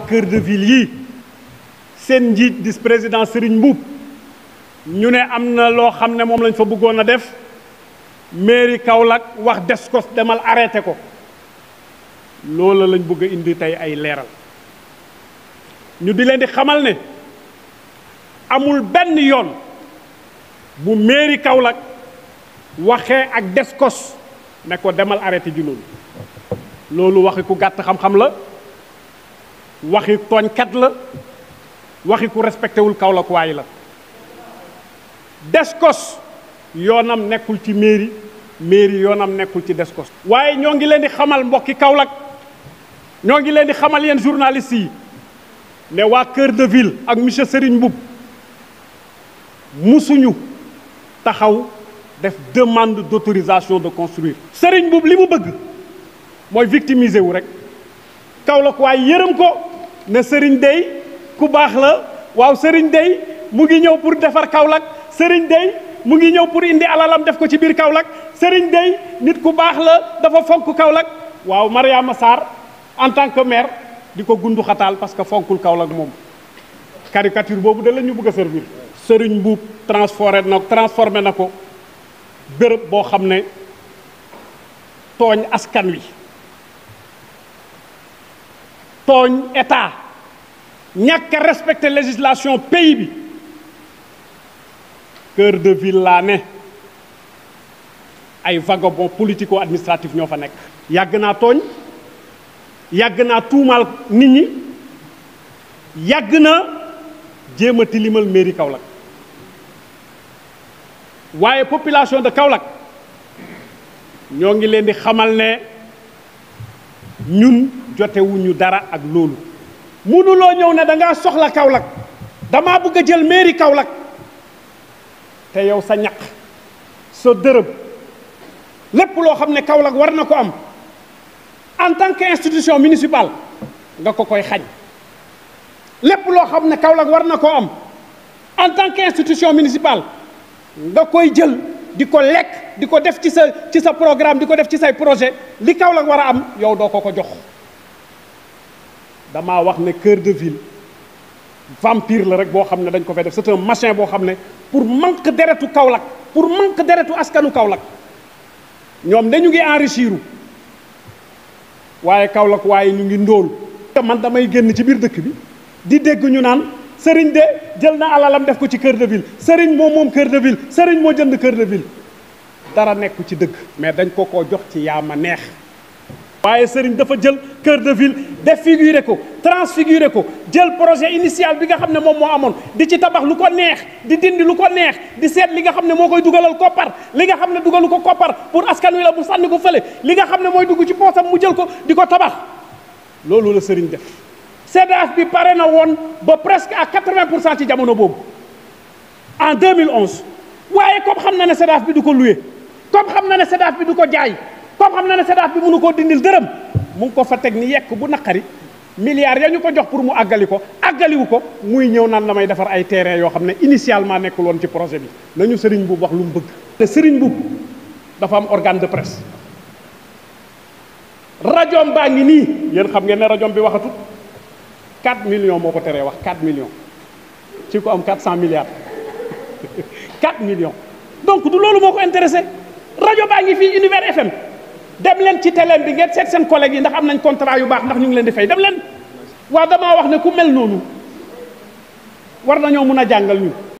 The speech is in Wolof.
cœur de ville yi seen njiit di président Serigne Mboup ñu ne am na loo xam ne moom lañ fa bëggoon a def mairie Kaolack wax des ko demal arrêté ko loola lañ bugg a indi tey ay leeral ñu di leen di xamal ne amul benn yoon bu mairie Kaolack waxee ak des kos ne ko demal arrêté ji loolu loolu waxi ku gàtt xam-xam la waxi tooñkat la waxi ku respecté wul Kaolack la Descos yoonam nekkul ci mairie mairie yoonam nekkul ci Descos. waaye ñoo ngi leen di xamal mbokki Kaolack ñoo ngi leen di xamal yéen journalistes yi ne waa Cœur de Ville ak monsieur Serigne Mboup musuñu taxaw def demande d'autorisation de construire. Serigne Mboup li mu bëgg mooy victimiser wu rek Kaolack waay yërëm ko. ne sëriñ dey ku baax la waaw sëriñ dey mu ngi ñëw pour defar Kaolack sëriñ dey mu ngi ñëw pour indi alalam def ko ci biir Kaolack sëriñ dey nit ku baax la dafa fonk Kaolack waaw Mariama Sarr en tant que maire di ko gunduxataal parce que fonkul Kaolack moom caricature boobu de la ñu bëgg a servir sëriñ buub transformé na transformé na ko béréb boo xam ne tooñ askan wi tooñ état ñàkk a respecté législation pays bi cœur de ville laa ne ay vagabond politico administratif ñoo fa nekk yàgg naa tooñ yàgg naa tuumaal nit ñi yàgg na jéem a tilimal mairie Kaolack waaye population de Kaolack ñoo ngi leen di xamal ne ñun jotewuñu dara ak loolu mënuloo ñew ne da nga soxla Kaolack dama bëgg jël mairie Kaolack te yow sa ñak so dërëb lepp lo xamne ne war na am en tant que institution municipale nga ko koy xagn lepp lo xamne ne war na am en tant que institution municipale nga koy jël di lek diko di def ci sa ci sa programme di def ci say projet li Kaolack wara am yow do ko ko jox damaa wax ne cœur de ville vampire la rek boo xam ne dañ ko fay def c'est un machin boo xam ne pour manque deretu Kaolack pour manque deretu askanu kawlak ñoom dañu ngi enrichir waaye Kaolack waaye ñu ngi ndóol te man damay génn ci biir dëkk bi di dégg ñu naan sëriñ de jël na alalam def ko ci kër de ville sëriñ moo moom kër de ville sëriñ moo jënd kër de ville dara nekku ci dëgg mais dañ ko koo jox ci yaa ma neex waaye Serigne dafa jël cœur de ville défiguré ko transfiguré ko jël projet initial bi nga xam ne moom moo amoon di ci tabax lu ko neex di dindi lu ko neex di seet li nga xam ne moo koy dugalal koppar li nga xam ne dugalu ko koppar pour askan wi la mu sànni ko fële li nga xam ne mooy dugg ci poosam mu jël ko di ko tabax loolu la Serigne def CDF bi pare na woon ba presque à 80 pour cent ci jamono boobu en 2011 waaye comme xam na ne CDF bi du ko loué comme xam na ne CDF bi du ko jaay comme xamna na ne sedaaf bi mënu ko dindil deureum mu ko fa tek ni yek bu nakari milliards ya ñu ko jox pour mu agali ko wu ko muy ñew naan lamay defar ay terrain yo xamne initialement nekul won ci projet bi nañu serigne bu wax lu mu bëgg te serigne bu dafa am organe de presse radio baa ngi nii xam ngeen ne radio bi waxatu 4 millions moko téré wax 4 millions ci ko am 400 milliards 4 millions donc du lolu moko ko intéressé rajo baa univers fm dem leen ci télé bi ngeen seet seen collègue yi ndax am nañ contrat yu baax ndax ñu ngi leen di fay dem waa waaw damaa wax ne ku mel noonu war nañoo mun a jàngal ñu